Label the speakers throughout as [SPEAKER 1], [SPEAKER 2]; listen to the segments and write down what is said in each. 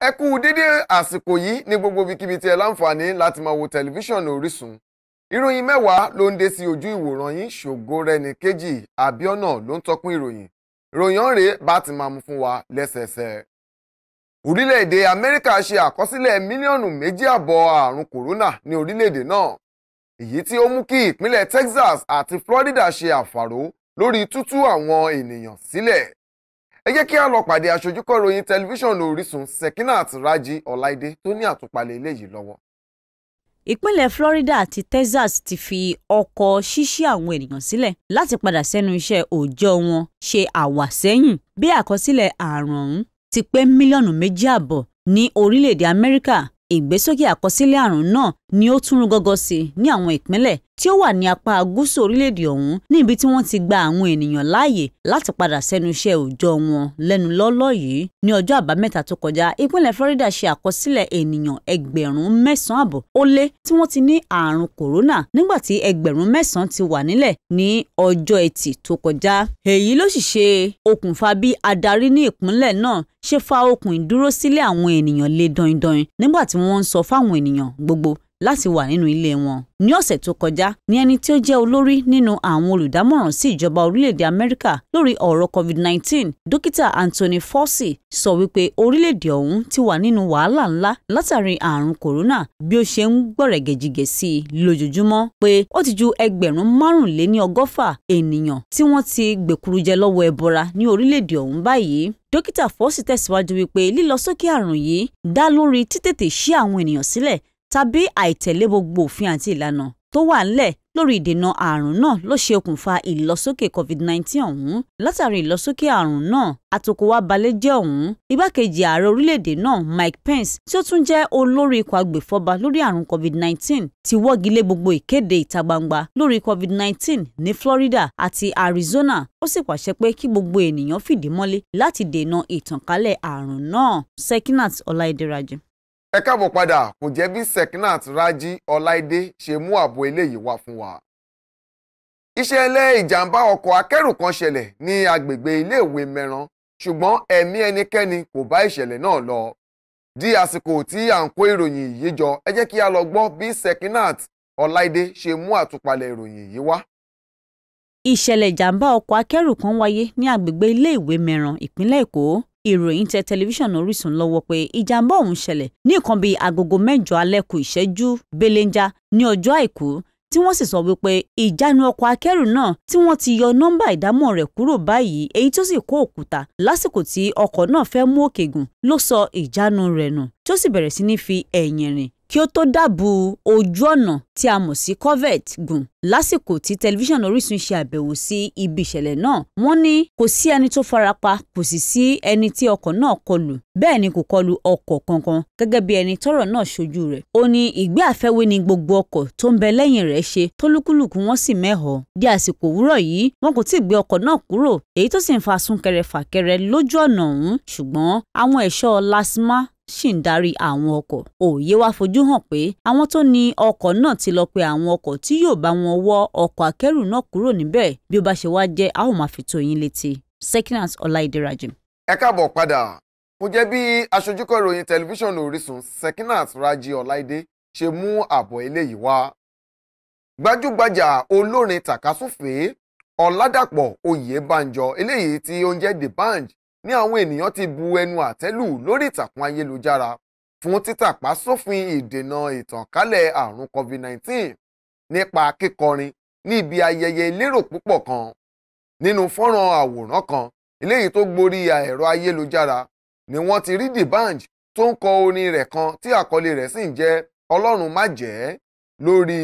[SPEAKER 1] ẹ kú dédé àsìkò yìí ní gbogbo ibikíbi tí ẹ láǹfààní láti máa wo tẹlifíṣàn Orísun ìròyìn mẹ́wàá ló ń dé sí ojú ìwòran yín ṣògo rẹni kejì Àbíọ́nà ló ń tọpin ìròyìn ròyìn ọ̀rẹ́ bá ti máa mú fún wa lẹ́sẹẹsẹ. orílẹ̀-èdè Amẹ́ríkà ṣe àkọsílẹ̀ mílíọ̀nù méjì àbọ̀ àrùn kòrónà ní orílẹ̀-èdè náà èyí tí ó mú kí ìpínlẹ̀ Texas àti Florida ṣe àfàró lórí tútú àwọn ènìyàn sílẹ̀ ẹ jẹ́ kí a lọ pàdé aṣojúkọ ìròyìn tẹlifíṣàn Orísun Sekinat Raji Ọláìdé tó ní àtúpalẹ̀ eléyìí lọ́wọ́.
[SPEAKER 2] Ìpínlẹ̀ Florida àti Texas ti fi ọkọ̀ ṣíṣí àwọn ènìyàn sílẹ̀ láti padà sẹ́nu iṣẹ́ òòjọ́ wọn ṣe àwàsẹ́yìn bí àkọsílẹ̀ àrùn ọ̀hún ti pé mílíọ̀nù méjì àbọ̀ ní orílẹ̀-èdè Amẹ́ríkà ìgbésókè àkọsílẹ̀ àrùn náà ni ó tún rú gọ́gọ́ sí ní àwọn ìpínlẹ̀ tí ó wà ní apá gúúsù orílẹ̀-èdè ọ̀hún ní ibi tí wọ́n ti gba àwọn ènìyàn láàyè láti padà sẹ́nu iṣẹ́ òòjọ́ wọn lẹ́nu lọ́lọ́ yìí ní ọjọ́ àbámẹ́ta tó kọjá ìpínlẹ̀ Florida ṣe àkọsílẹ̀ ènìyàn ẹgbẹ̀rún mẹ́sàn-án àbọ̀ ó lé tí wọ́n ti ní àrùn kòrónà nígbà tí ẹgbẹ̀rún mẹ́sàn-án ti wà nílẹ̀ ní ọjọ́ ẹtì tó kọjá èyí ló sì ṣe okùnfà bí adarí ní ìpínlẹ̀ náà ṣe fa okùn ìdúrósílẹ̀ àwọn ènìyàn lé dọindọin nígbà tí wọ́n ń sọ fáwọn ènìyàn gbogbo láti wà nínú ilé wọn. ní ọ̀sẹ̀ tó kọjá ni ẹni tí ó jẹ́ olórí nínú àwọn olùdámọ̀ràn sí ìjọba orílẹ̀-èdè Amẹ́ríkà lórí ọ̀rọ̀ COVID-19 dókítà Anthony Fauci sọ wípé orílẹ̀-èdè ọ̀hún ti wà nínú wàhálà ńlá látàrí àrùn corona bí ó ṣe ń gbọ̀rẹ̀gẹ̀jìgẹ̀ sí i lójoojúmọ́ pé ó ti ju ẹgbẹ̀rún márùnléní ọgọ́fà ènìyàn tí wọ́n ti gbèkúrújẹ lọ́wọ́ ẹbọra ní orílẹ̀-èdè ọ̀hún báyìí dókítà Fauci tẹ̀síwájú wípé lílọ sókè àrùn yìí dá lórí títètè ṣí àwọn ènìyàn sílẹ̀ tàbí àìtẹ̀lé gbogbo òfin àti ìlànà tó wà ńlẹ̀ lórí ìdènà ààrùn náà ló ṣe okùnfà ìlọsókè covid-19 ọ̀hún látàrí ìlọsókè ààrùn náà àtòkòwá balẹ̀ jẹ́ ọ̀hún igbákejì ààrẹ orílẹ̀-èdè náà Mike Pence tí ó tún jẹ́ olórí ikọ̀ agbèfọ́ba lórí ààrùn covid-19 ti wọ́gi lé gbogbo ìkéde ìta gbangba lórí covid-19 ní Florida àti Arizona ó sì pàṣẹ pé kí gbogbo ènìyàn fìdí mọ́lé láti dènà ìtànkálẹ̀ ààrùn náà Sekinat Ọláìdẹ́rajì
[SPEAKER 1] ẹ káàbọ̀ padà kò jẹ́ bí Sekinat Raji Ọláìdé ṣe mú ààbò eléyìí wá fún wa. ìṣẹ̀lẹ̀ ìjàmbá ọkọ̀ akẹ́rù kan ṣẹlẹ̀ ní agbègbè iléèwé mẹ́ran ṣùgbọ́n ẹ̀mí ẹnikẹ́ni kò bá ìṣẹ̀lẹ̀ náà lọ. di àsìkò tí à ń kó ìròyìn yìí jọ ẹ jẹ́ kí a lọ gbọ́ bí Sekinat Ọláìdé ṣe mú àtúpalẹ̀ ìròyìn yìí wá.
[SPEAKER 2] ìṣẹ̀lẹ̀ ìjàmbá ọkọ̀ akẹ́rù kan wáyé ní agbègbè iléèwé mẹ́ran ìpínlẹ̀ Èkó ìròyìn tẹ tẹlifíṣàn Orísun lọ́wọ́ pé ìjàmbá ọ̀hún ṣẹlẹ̀ ní nǹkan bíi agogo mẹ́jọ alẹ́ kù ìṣẹ́jú belenja ní ọjọ́ àìkú tí wọ́n sì sọ wípé ìjánu ọkọ̀ akẹ́rù náà tí wọ́n ti yọ nọ́mbà ìdámọ̀ rẹ̀ kúrò báyìí èyí tó sì kó òkúta lásìkò tí ọkọ̀ náà fẹ́ mú òkè ló sọ ìjánu rẹ̀ nù tó sì bẹ̀rẹ̀ sí ní fi ẹ̀yìn rìn kí ó tó dábùú ojú ọ̀nà tí a mọ̀ sí covert gùn lásìkò tí tẹlifíṣàn Orísun ṣe àbẹ̀wò sí ibi ìṣẹ̀lẹ̀ náà wọ́n ní kò sí ẹni tó farapa kò sì sí ẹni tí ọkọ̀ náà kọlù bẹ́ẹ̀ ni kò kọlù ọkọ̀ kankan gẹ́gẹ́ bí ẹni tọ́rọ̀ náà ṣojú rẹ̀ ó ní ìgbé àfẹ́wé ni gbogbo ọkọ̀ tó ń bẹ lẹ́yìn rẹ̀ ṣe tó lúkúlùkù wọn sì mẹ́họ̀ di àsìkò òwúrọ̀ yìí wọn kò tí ì gbé ọkọ̀ náà kúrò èyí tó sì ń fa súnkẹrẹ fàkẹrẹ lójú ọ̀nà ọ̀hún ṣùgbọ́n àwọn ẹ̀ṣọ́ lasma sì ń darí àwọn ọkọ̀. òye wá fojú hàn pé àwọn tó ní ọkọ̀ náà ti lọ pe àwọn ọkọ̀ tí yóò bá wọn wọ ọkọ̀ akẹ́rù náà kúrò níbẹ̀ bí ó bá ṣe wá jẹ́ a ó máa fi tó yín létí. Sekinat Ọláìdírajì. ẹ
[SPEAKER 1] káàbọ̀ padà mo jẹ́ bí aṣojúkọ̀ ìròyìn tẹlifíṣàn Orísun Sekinat Raji Ọláìdé ṣe mú àbọ̀ eléyìí wá. gbajúgbajà olórin tàkásùfèé Ọ̀làdàpọ̀ Oyèbánjọ eléyìí tí ó The Band ni àwọn ènìyàn ti bu ẹnu àtẹ́lù lórí ìtàkùn ayélujára fún títàpá sófin ìdènà ìtànkálẹ̀ àrùn COVID-19 nípa kíkọrin ní ibi ayẹyẹ elérò púpọ̀ kan nínú fọ́nrán àwòrán kan eléyìí tó gborí ẹ̀rọ ayélujára ni wọ́n ti rí D'banj tó ń kọ orin rẹ̀ kan tí àkọlé rẹ̀ sì ń jẹ́ Ọlọ́run má jẹ́ lórí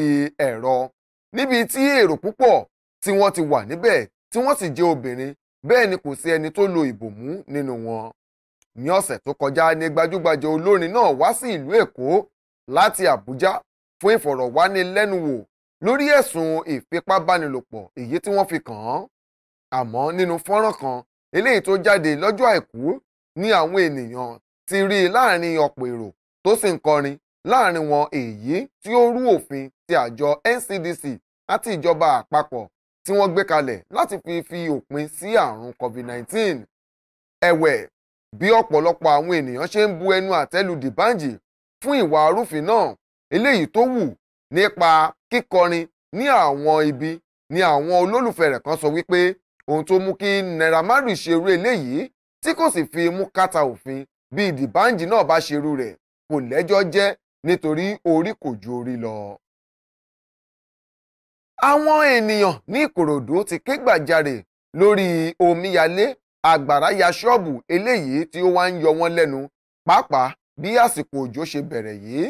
[SPEAKER 1] ẹ̀rọ níbi tí èrò púpọ̀ tí wọ́n ti wà níbẹ̀ tí wọ́n sì jẹ́ obìnrin bẹ́ẹ̀ ni kò sí ẹni tó lo ìbòmú nínú wọn. ní ọ̀sẹ̀ tó kọjá ni gbajúgbajà olórin náà wá sí ìlú Èkó láti Àbújá fún ìfọ̀rọ̀wánilẹ́nuwò lórí ẹ̀sùn ìfipábánilòpọ̀ èyí tí wọ́n fi kàn án. àmọ́ nínú fọ́nrán kan eléyìí tó jáde lọ́jọ́ àìkú ni àwọn ènìyàn ti rí i láàrin ọ̀pọ̀ èrò tó sì ń kọrin láàrin wọn èyí tí ó rú òfin ti àjọ NCDC àti ìjọba àpapọ̀ tí wọ́n gbé kalẹ̀ láti fi fi òpin sí àrùn COVID-19. ẹ̀wẹ̀ bí ọ̀pọ̀lọpọ̀ àwọn ènìyàn ṣe ń bu ẹnu àtẹ́lu Dìbànjì fún ìwà arúfin náà eléyìí tó wù nípa kíkọrin ní àwọn ibi ni àwọn olólùfẹ́ rẹ̀ kan sọ wípé ohun tó mú kí Naira Marley ṣerú eléyìí tí kò sì fi mú kàtà òfin bí Dìbànjì náà bá ṣerú rẹ̀ kò lẹ́jọ́ jẹ́ nítorí orí kò ju orí lọ àwọn ènìyàn ní ìkòròdú ti ké gbàjarè lórí omíyalé àgbàrá ya ṣọ́ọ̀bù eléyìí tí ó wá ń yọ wọ́n lẹ́nu pàápàá bí àsìkò òjò ṣe bẹ̀rẹ̀ yìí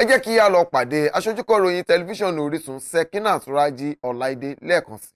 [SPEAKER 1] ẹ jẹ́ kí a lọ pàdé aṣojúkọ̀ròyìn tẹlifíṣàn Orísun Sekinat Raji Ọláìdé lẹ́ẹ̀kan sí.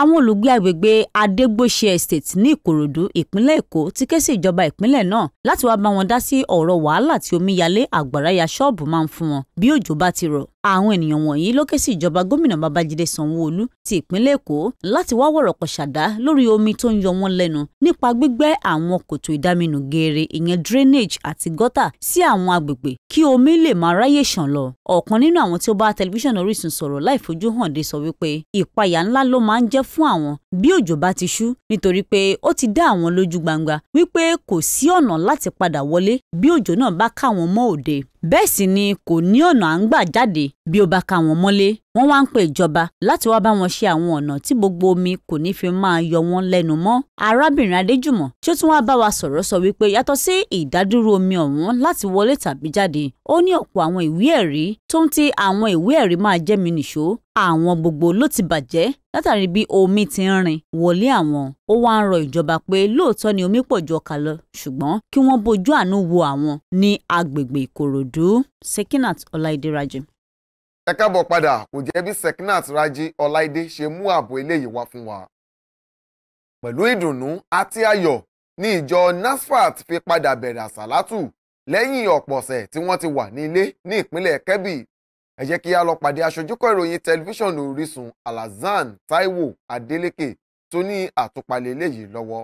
[SPEAKER 2] àwọn olùgbé agbègbè Adégbòṣe Estate ní Ìkòròdú ìpínlẹ̀ Èkó ti ké sí ìjọba ìpínlẹ̀ náà láti wáá bá wọn dá sí ọ̀rọ̀ wàhálà tí omíyalé àgbàrá ya ṣọ́ọ̀bù máa ń fún wọn bí òjò bá ti rọ̀ àwọn ènìyàn wọ̀nyí ló ké sí ìjọba gómìnà babájídé sanwóolu ti ìpínlẹ̀ èkó láti wá wọ̀rọ̀kọ̀ ṣàdá lórí omi tó ń yọ wọ́n lẹ́nu nípa gbígbẹ́ àwọn kòtò ìdáminù geere ìyẹn drainage àti gọ́tà sí àwọn agbègbè kí omi lè máa ráyè ṣàn lọ ọ̀kan nínú àwọn tí ó bá tẹlifíṣàn orísun sọ̀rọ̀ láì fojú hàn dé sọ wípé ìpayà ńlá ló máa ń jẹ́ fún àwọn bí òjò bá ti ṣú nítorí pé ó ti dá àwọn lójú gbangba wípé kò sí ọ̀nà láti padà wọlé bí òjò náà bá ká mọ́ òde bẹ́ẹ̀ sì ni kò ní ọ̀nà à ń gbà jáde bí ó bá ká wọn mọ́lé wọ́n wá ń pe ìjọba láti wá bá wọn ṣe àwọn ọ̀nà tí gbogbo omi kò ní fi máa yọ wọ́n lẹ́nu mọ́. arábìnrin adéjùmọ̀ tí ó tún wá bá wa sọ̀rọ̀ sọ wípé yàtọ̀ sí ìdádúró omi ọ̀wọ́n láti wọlé tàbí jáde ó ní ọ̀pọ̀ àwọn ìwé ẹ̀rí tó ń ti àwọn ìwé ẹ̀rí máa jẹ́ mi nìṣó àwọn gbogbo ló ti bàjẹ́ látàrí bí omi ti ń rìn wọlé àwọn ó wá ń rọ ìjọba pé lóòótọ́ ni omi pọ̀ ju ọkà lọ ṣùgbọ́n kí wọ́n bójú àánú wo àwọn ní agbègbè ìkòròdú sekinat ọláìdíraje ẹ káàbọ̀
[SPEAKER 1] padà kò jẹ́ bí Sekinat Raji Ọláìdé ṣe mú ààbò eléyìí wá fún wa. pẹ̀lú ìdùnnú àti ayọ̀ ni ìjọ NASFAT fi padà bẹ̀rẹ̀ àsàlátù lẹ́yìn ọ̀pọ̀ ọ̀sẹ̀ tí wọ́n ti wà ní ilé ní ìpínlẹ̀ Kebbi ẹ jẹ́ kí a lọ pàdé aṣojúkọ̀ ìròyìn tẹlifíṣàn Orísun Alhassan Taiwo Adeleke tó ní àtúpalẹ̀ eléyìí lọ́wọ́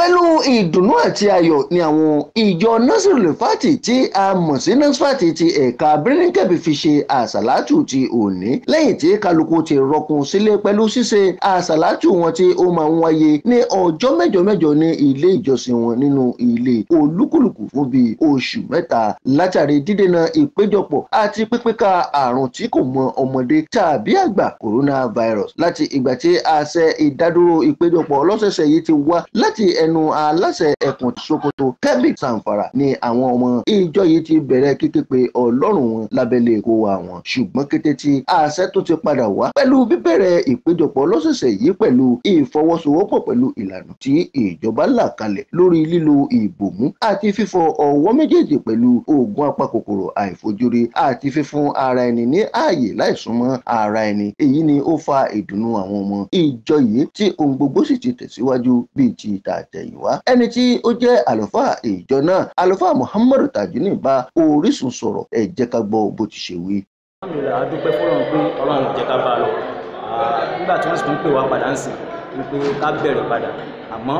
[SPEAKER 3] pẹ̀lú ìdùnnú àti ayọ̀ ni àwọn ìjọ nasirulfati tí a mọ̀ sí nasfati ti ẹ̀ka birninkebi fi ṣe àṣàlátù ti òní lẹ́yìn tí kálukú ti rọkun sílé pẹ̀lú ṣíṣe àṣàlátù wọn tí ó máa ń wáyé ní ọjọ́ mẹ́jọ ní ilé ìjọsìn wọn nínú ilé olúkúlùkù fún bíi oṣù mẹ́ta látàrí dídènà ìpéjọpọ̀ àti pípínká àrùn tí kò mọ ọmọdé tàbí àgbà coronavirus láti ìgbà tí àṣẹ ìdádúró ìpéjọpọ̀ ọlọ́sẹ̀ọ̀sẹ̀ ẹnu aláṣẹ ẹkùn Sokoto Kebbi Zamfara ni àwọn ọmọ ìjọ yìí ti bẹ̀rẹ̀ kíké pe ọlọ́run wọn lábẹ́lẹ̀ èkó wa wọn ṣùgbọ́n kété tí àṣẹ tó ti padà wá pẹ̀lú bíbẹ̀rẹ̀ ìpéjọpọ̀ lọ́sẹ̀sẹ̀ yìí pẹ̀lú ìfọwọ́sowọ́pọ̀ pẹ̀lú ìlànà tí ìjọba là kalẹ̀ lórí lílo ìbòmú àti fífọ ọwọ́ méjèèjì pẹ̀lú oògùn apakòkòrò àìfojúrí àti fífún ara ẹni ní ààyè láìsúnmọ́ ara ẹni èyí ni ó fa ìdùnnú àwọn ọmọ ìjọ yìí tí ohun gbogbo sì ti tẹ̀síwájú bíi ti tààtẹ ìṣẹ̀lẹ̀ yìí wá ẹni tí ó jẹ́ àlùfáà ìjọ náà àlùfáà Muhammadu Tajuni bá Orísun sọ̀rọ̀ ẹ jẹ́ ká gbọ́ bó ti ṣe wí.
[SPEAKER 4] alhamdulilayi adúpẹ́ fọlọ́run pé ọlọ́run ò jẹ́ ká bá a lọ nígbà tí wọ́n sì tún pè wá padà ń sìn wípé ká bẹ̀rẹ̀ padà àmọ́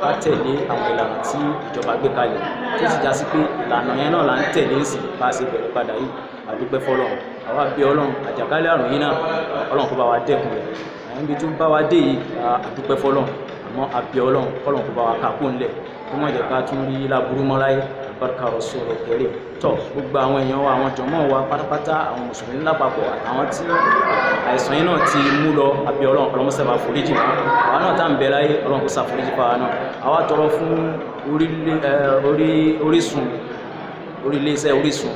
[SPEAKER 4] ká tẹ̀lé àwọn ìlànà tí ìjọba gbé kalẹ̀ tó sì já sí pé ìlànà yẹn náà là ń tẹ̀lé ń sìn bá a ṣe bẹ̀rẹ̀ padà yìí àdúpẹ́ fọlọ́run àwa bí ọlọ́run àjàkálẹ̀ àrùn yìí náà ọlọ́run kó bá wa dẹ́kun rẹ̀ àyànbí tó bá wa dé yìí àdúpẹ́ fọlọ́run ṣùgbọ́n àbí ọlọ́run kọ́lọ́n kó bá wa ká kó ń lẹ̀ kó má jẹ́ ká tún rí láburú mọ́ láyé barika rọ̀sọ̀rọ̀ kẹrẹ tọ̀ gbogbo àwọn èèyàn wa àwọn jọmọ́ wa pátápátá àwọn mùsùlùmí lápapọ̀ àtàwọn tí àìsàn yìí náà ti mú lọ àbí ọlọ́run ọlọ́run sábà foríjì wa àwa náà tá à ń bẹ láyé ọlọ́run kó ṣàforíjì fa wa náà àwa tọrọ fún orísun orílẹ̀-iṣẹ́ orísun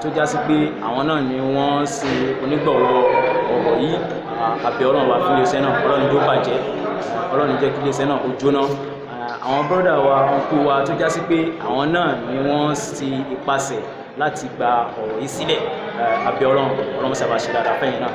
[SPEAKER 4] tó já sí pé àwọn náà ni wọ́n ṣe onígbọ̀wọ́ ọ̀rọ̀ yìí àbí ọlọ́run wa fún iléeṣẹ́ náà ọlọ́run tó bàjẹ́ ọlọ́run jẹ́ kí iléeṣẹ́ náà ó jóná àwọn bọ́dà wa ọkọ wa tó já sí pé àwọn náà ni wọ́n ti ipasẹ̀ láti gba ọ̀rọ̀ yìí sílẹ̀ abẹ́ ọlọ́run ọlọ́run sábà ṣe dáadáa fẹ́yìn náà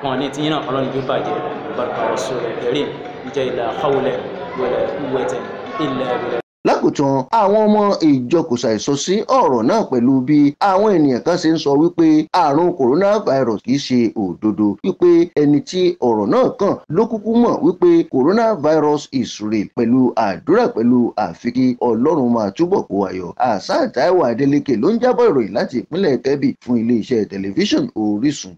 [SPEAKER 4] kan ní tí yín náà ọlọ́run yóò bàjẹ́ bàbá ọ̀ṣọ́ rẹ̀ kẹrin ìjẹ́ ìlà àwọlẹ̀ wẹ̀lẹ̀ wẹ̀tẹ̀ ìlẹ̀ wẹ̀lẹ̀
[SPEAKER 3] lákòótán àwọn ọmọ ìjọ kò ṣàìsọ sí ọ̀rọ̀ náà pẹ̀lú bí àwọn ènìyàn kan ṣe ń sọ wípé àrùn coronavirus kìí ṣe òdodo wípé ẹni tí ọ̀rọ̀ náà kàn ló kúkú mọ̀ wípé coronavirus is real pẹ̀lú àdúrà pẹ̀lú àfikí ọlọ́run máa túbọ̀ kó ayọ̀ àṣà Táíwò Adélékè ló ń jábọ̀ ìròyìn láti ìpínlẹ̀ Kẹ́bì fún iléeṣẹ́ tẹlifíṣàn Orísun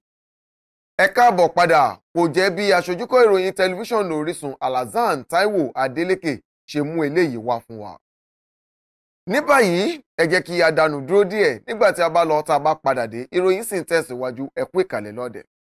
[SPEAKER 3] ẹ káàbọ̀ padà
[SPEAKER 1] kò jẹ́ bí aṣojúkọ̀ ṣe mú eléyìí wá fún wa. ní báyìí ẹ jẹ́ kí a dánu dúró díẹ̀ nígbà tí a bá lọ tá bá padà dé ìròyìn sì ń tẹ̀síwájú ẹ ìkàlẹ̀ lọ́dẹ̀.